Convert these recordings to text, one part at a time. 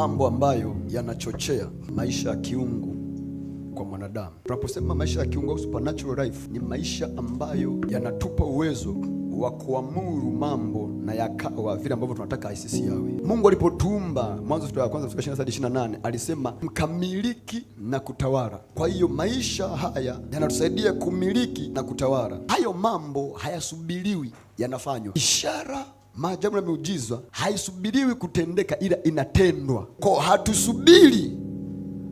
mambo ambayo yanachochea maisha ya kiungu kwa mwanadamu. Tunaposema maisha ya kiungu au supernatural life, ni maisha ambayo yanatupa uwezo wa kuamuru mambo na yakawa vile ambavyo tunataka ICC yawe. Mungu alipotuumba Mwanzo sura ya kwanza mstari wa 28 alisema mkamiliki na kutawala. Kwa hiyo maisha haya yanatusaidia kumiliki na kutawala. Hayo mambo hayasubiriwi, yanafanywa. Ishara maajabu na miujiza haisubiriwi kutendeka, ila inatendwa. Kwa hatusubiri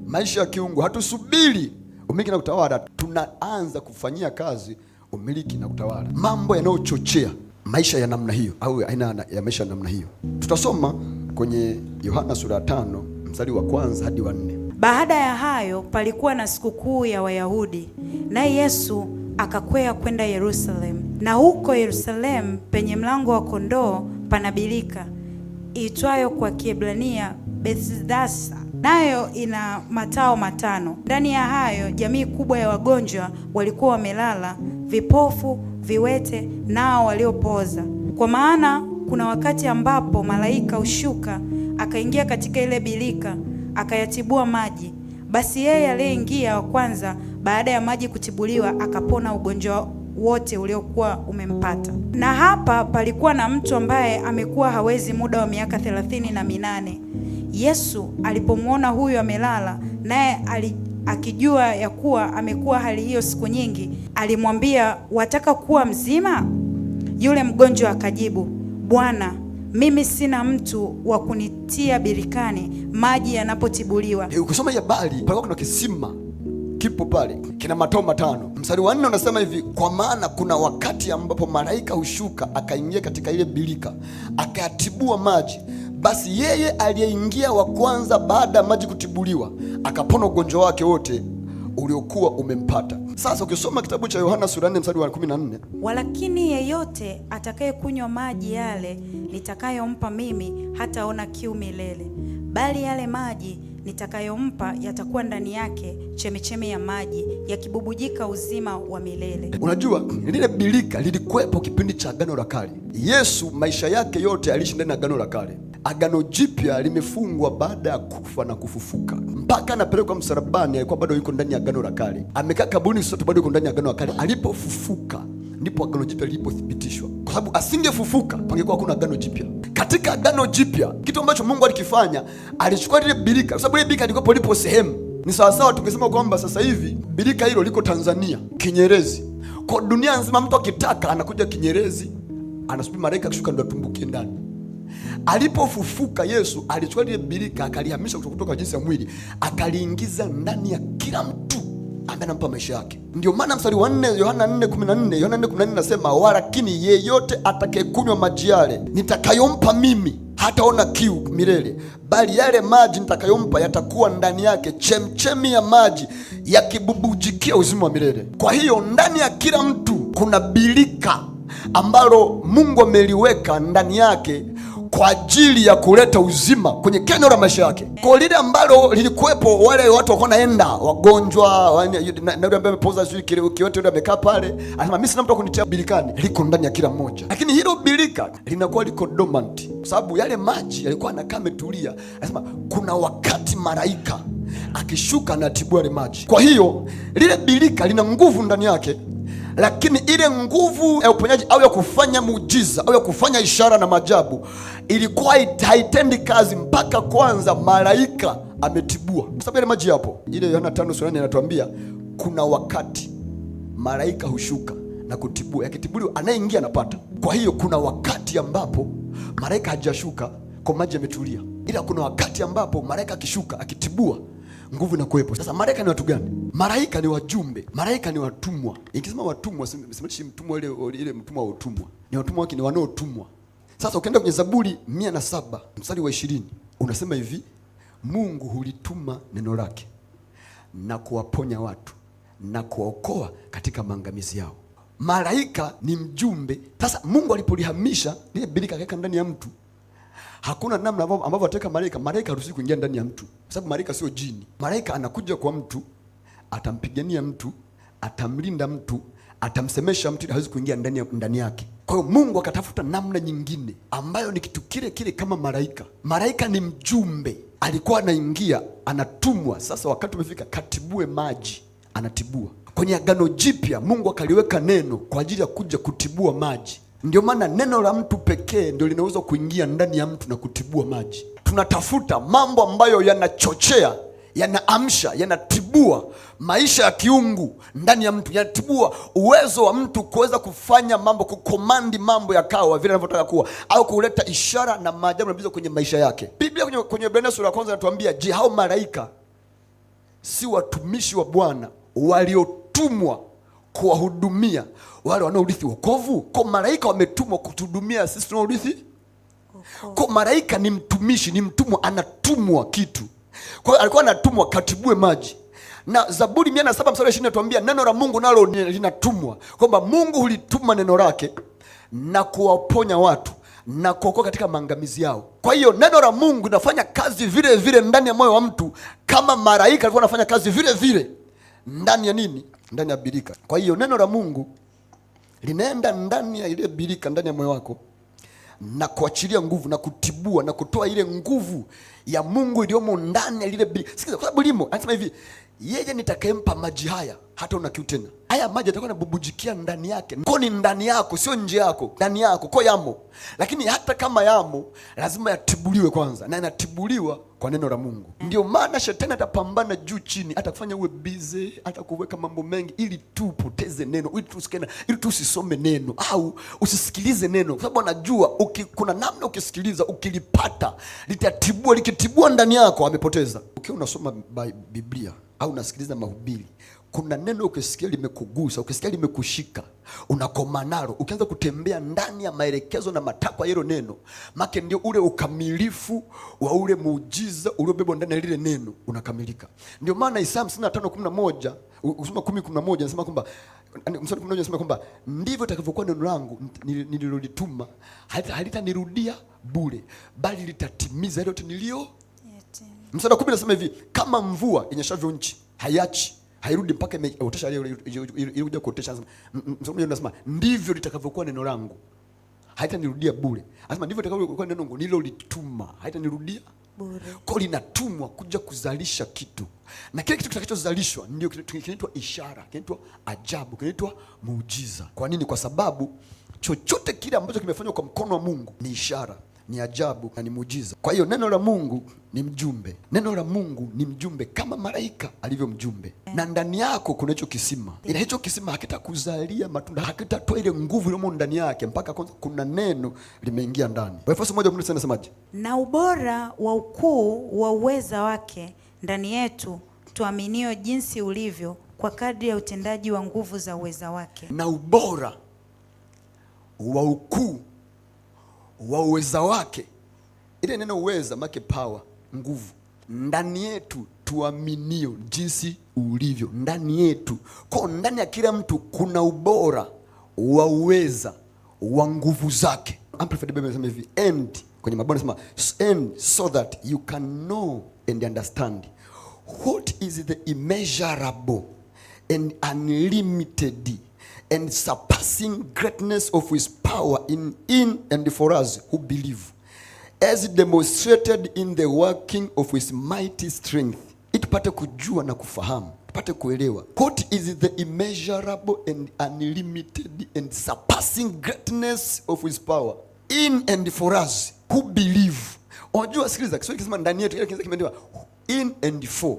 maisha ya kiungu, hatusubiri umiliki na utawala, tunaanza kufanyia kazi umiliki na utawala, mambo yanayochochea maisha ya namna hiyo au aina ya maisha ya namna hiyo. Tutasoma kwenye Yohana sura ya tano mstari wa kwanza hadi wa nne. Baada ya hayo palikuwa na sikukuu ya Wayahudi, naye Yesu akakwea kwenda Yerusalemu na huko Yerusalemu penye mlango wa kondoo pana birika kwa Kiebrania Bethesda, nayo ina matao matano. Ndani ya hayo jamii kubwa ya wagonjwa walikuwa wamelala, vipofu, viwete, nao waliopooza. Kwa maana kuna wakati ambapo malaika hushuka akaingia katika ile birika akayatibua maji. Basi yeye aliyeingia wa kwanza baada ya maji kutibuliwa akapona ugonjwa wote uliokuwa umempata. Na hapa palikuwa na mtu ambaye amekuwa hawezi muda wa miaka thelathini na minane. Yesu alipomwona huyu amelala, naye akijua ya kuwa amekuwa hali hiyo siku nyingi, alimwambia, wataka kuwa mzima? Yule mgonjwa akajibu, Bwana, mimi sina mtu wa kunitia birikani maji yanapotibuliwa. Eh, ukisoma hii habari, palikuwa kuna kisima kipo pale, kina matao matano. Mstari wa nne unasema hivi, kwa maana kuna wakati ambapo malaika hushuka akaingia katika ile bilika akayatibua maji, basi yeye aliyeingia wa kwanza baada ya maji kutibuliwa akapona ugonjwa wake wote uliokuwa umempata. Sasa ukisoma kitabu cha Yohana sura 4 mstari wa 14, walakini yeyote atakayekunywa maji yale nitakayompa mimi hataona kiu milele, bali yale maji nitakayompa yatakuwa ndani yake chemecheme ya maji yakibubujika uzima wa milele. Unajua, lile birika lilikuwepo kipindi cha Agano la Kale. Yesu maisha yake yote aliishi ndani ya Agano la Kale. Agano Jipya limefungwa baada ya kufa na kufufuka. Mpaka anapelekwa msalabani, alikuwa bado yuko ndani ya Agano la Kale. Amekaa kaburini sote, bado yuko ndani ya Agano la Kale. Alipofufuka ndipo agano jipya lilipothibitishwa, kwa sababu asingefufuka pangekuwa hakuna agano jipya. Katika agano jipya, kitu ambacho Mungu alikifanya alichukua lile birika, kwa sababu lile birika lilikuwa lipo sehemu. Ni sawasawa tungesema kwamba sasa hivi birika hilo liko Tanzania, Kinyerezi, kwa dunia nzima. Mtu akitaka anakuja Kinyerezi, anasubiri malaika akishuka ndo atumbukie ndani. Alipofufuka Yesu alichukua lile birika akalihamisha kutoka jinsi ya mwili akaliingiza ndani ya kila mtu ambaye anampa maisha yake. Ndio maana mstari wa 4 Yohana 4:14, Yohana 4:14 nasema, walakini yeyote atakayekunywa maji yale nitakayompa mimi hataona kiu milele, bali yale maji nitakayompa yatakuwa ndani yake chemchemi ya maji yakibubujikia uzima wa milele. Kwa hiyo ndani ya kila mtu kuna bilika ambalo Mungu ameliweka ndani yake kwa ajili ya kuleta uzima kwenye eneo la maisha yake, kwa lile ambalo lilikuwepo, wale watu wako naenda wagonjwa, amepoza kiwete amekaa pale, anasema mimi sina mtu akunitia bilikani, liko ndani ya kila mmoja, lakini hilo birika linakuwa liko dormant, kwa sababu yale maji yalikuwa anakaa ametulia. Anasema kuna wakati malaika akishuka anatibua yale maji, kwa hiyo lile bilika lina nguvu ndani yake lakini ile nguvu ya uponyaji au ya kufanya muujiza au ya kufanya ishara na maajabu ilikuwa haitendi kazi mpaka kwanza malaika ametibua. Sababu ile maji yapo, ile Yohana 5:8 inatuambia kuna wakati malaika hushuka na kutibua, yakitibuliwa anayeingia anapata. Kwa hiyo kuna wakati ambapo malaika hajashuka kwa maji yametulia, ila kuna wakati ambapo malaika akishuka akitibua nguvu inakuwepo. Sasa malaika ni watu gani? Malaika ni wajumbe, malaika ni watumwa. ikisema watumwa, simanishi mtumwa ile ile mtumwa wa utumwa, ni watumwa wake, ni wanaotumwa. Sasa ukienda kwenye Zaburi mia na saba mstari wa ishirini unasema hivi, Mungu hulituma neno lake na kuwaponya watu na kuwaokoa katika maangamizi yao. Malaika ni mjumbe. Sasa Mungu alipolihamisha ile bilika akaweka ndani ya mtu Hakuna namna ambavyo ataweka malaika. Malaika haruhusi kuingia ndani ya mtu, kwa sababu malaika sio jini. Malaika anakuja kwa mtu, atampigania mtu, atamlinda mtu, atamsemesha mtu, hawezi kuingia ndani ndani yake. Kwa hiyo Mungu akatafuta namna nyingine ambayo ni kitu kile kile kama malaika. Malaika ni mjumbe, alikuwa anaingia, anatumwa. Sasa wakati umefika, katibue maji, anatibua. Kwenye Agano Jipya Mungu akaliweka neno kwa ajili ya kuja kutibua maji ndio maana neno la mtu pekee ndio linaweza kuingia ndani ya mtu na kutibua maji. Tunatafuta mambo ambayo yanachochea, yanaamsha, yanatibua maisha ya kiungu ndani ya mtu, yanatibua uwezo wa mtu kuweza kufanya mambo, kukomandi mambo ya kawa vile anavyotaka kuwa, au kuleta ishara na maajabu nabiza kwenye maisha yake. Biblia kwenye Ibrania sura ya kwanza inatuambia, je, hao malaika si watumishi wa Bwana waliotumwa kuwahudumia wale wanaorithi wokovu. Kwa malaika wametumwa kutuhudumia sisi tunaorithi kwa malaika ni mtumishi, ni mtumwa, anatumwa kitu. Kwa hiyo alikuwa anatumwa katibue maji, na Zaburi mia na saba mstari ishirini natuambia neno la Mungu nalo linatumwa, kwamba Mungu hulituma neno lake na kuwaponya watu na kuokoa katika maangamizi yao. Kwa hiyo neno la Mungu linafanya kazi vile vile ndani ya moyo wa mtu kama malaika alikuwa anafanya kazi vile vile ndani ya nini, ndani ya birika. Kwa hiyo neno la Mungu linaenda ndani ya ile birika, ndani ya moyo wako na kuachilia nguvu na kutibua na kutoa ile nguvu ya Mungu iliyomo ndani ya lile birika. Sikiza, kwa sababu limo anasema hivi, yeye nitakayempa maji haya hata una kiu tena. Haya maji yatakuwa yanabubujikia ndani yake, ko ni ndani yako, sio nje yako, ndani yako ko yamo. Lakini hata kama yamo, lazima yatibuliwe kwanza, na yanatibuliwa kwa neno la Mungu. Eh. Ndio maana shetani atapambana juu chini, atakufanya uwe busy, atakuweka mambo mengi ili tu upoteze neno, ili tu usikene, ili tu usisome neno au usisikilize neno, kwa sababu anajua uki, kuna namna ukisikiliza, ukilipata litatibua, likitibua ndani yako amepoteza. Ukiwa unasoma Biblia au unasikiliza mahubiri kuna neno ukisikia limekugusa, ukisikia limekushika, unakoma nalo, ukianza kutembea ndani ya maelekezo na matakwa ya hilo neno, make ndio ule ukamilifu wa ule muujiza uliobebwa ndani ya lile neno unakamilika. Ndio maana Isaya 55:11 usoma 10:11 anasema kwamba mstari 11 nasema kwamba ndivyo takavyokuwa neno langu nililolituma, halitanirudia bure, bali litatimiza yote nilio. Mstari wa 10 anasema hivi, kama mvua inyeshavyo nchi hayachi hairudi mpaka imeotesha eh, ile ilikuja kuotesha. Msomaji anasema ndivyo litakavyokuwa neno langu, haitanirudia bure. Anasema ndivyo litakavyokuwa neno langu lituma, haitanirudia bure. Kwa linatumwa kuja kuzalisha kitu, na kile kitu kitakachozalishwa ndio kinaitwa ishara, kinaitwa ajabu, kinaitwa muujiza. Kwa nini? Kwa sababu chochote kile ambacho kimefanywa kwa mkono wa Mungu ni ishara ni ajabu na ni mujiza. Kwa hiyo neno la Mungu ni mjumbe, neno la Mungu ni mjumbe kama malaika alivyo mjumbe, eh. na ndani yako kuna hicho kisima, eh. ila hicho kisima hakitakuzalia matunda, hakitatoa ile nguvu iliyomo ndani yake mpaka kwanza kuna neno limeingia ndani. Waefeso moja kumi nasemaje? Na ubora wa ukuu wa uweza wake ndani yetu tuaminio jinsi ulivyo kwa kadri ya utendaji wa nguvu za uweza wake. Na ubora wa ukuu wa uweza wake. Ile neno uweza make power, nguvu ndani yetu tuaminio jinsi ulivyo ndani yetu. Kwa ndani ya kila mtu kuna ubora wa uweza wa nguvu zake. Amplified Bible inasema hivi, and kwenye mabano inasema and so that you can know and understand what is the immeasurable and unlimited and surpassing greatness of his power in, in and for us who believe, as demonstrated in the working of his mighty strength, ili tupate kujua na kufahamu, tupate kuelewa. God is the immeasurable and unlimited and surpassing greatness of his power in and for us who believe. Unajua, sikiliza, Kiswahili kisema ndani yetu, ile kinza kimeandikwa in and for.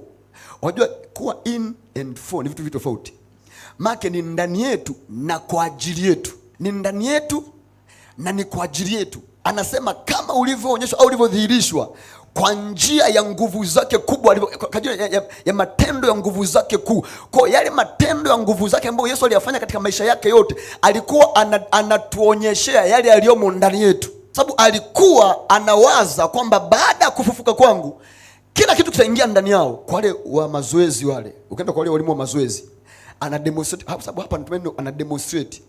Unajua kuwa in and for ni vitu vitu make ni ndani yetu na kwa ajili yetu ni ndani yetu na ni kwa ajili yetu. Anasema kama ulivyoonyeshwa au ulivyodhihirishwa kwa njia ya nguvu zake kubwa, kwa njia ya, ya matendo ya nguvu zake kuu. Kwa yale matendo ya nguvu zake ambayo Yesu aliyafanya katika maisha yake yote, alikuwa anatuonyeshea yale yaliyomo ndani yetu, sababu alikuwa anawaza kwamba baada ya kufufuka kwangu kila kitu kitaingia ndani yao. Kwa wale wa mazoezi wale, ukienda kwa wale walimu wa mazoezi anademonstrate sababu hapa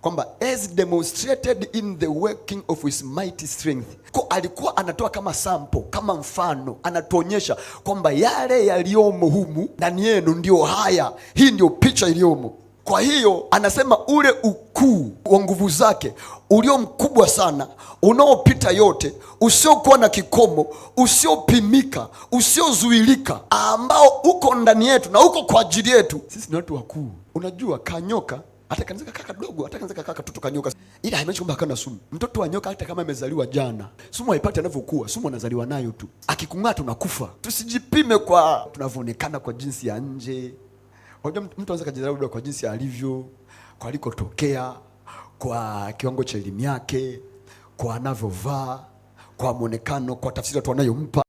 kwamba as demonstrated in the working of his mighty strength. ko alikuwa anatoa kama sample, kama mfano, anatuonyesha kwamba yale yaliyomo humu ndani yenu ndio haya, hii ndio picha iliyomo. Kwa hiyo anasema ule ukuu wa nguvu zake ulio mkubwa sana, unaopita yote, usiokuwa na kikomo, usiopimika, usiozuilika, ambao uko ndani yetu na uko kwa ajili yetu. Sisi ni watu wakuu. Unajua kanyoka hata kanaweza kaka kadogo, hata kanaweza kaka katoto kanyoka, ila haimaanishi kwamba hakana sumu. Mtoto wa nyoka hata kama amezaliwa jana, sumu haipati anavyokuwa, sumu anazaliwa nayo tu. Akikung'ata unakufa. Tusijipime kwa tunavyoonekana, kwa jinsi ya nje. Unajua mtu anaweza kujidharau labda kwa jinsi alivyo, kwa alikotokea, kwa kiwango cha elimu yake, kwa anavyovaa, kwa mwonekano, kwa tafsiri watu wanayompa.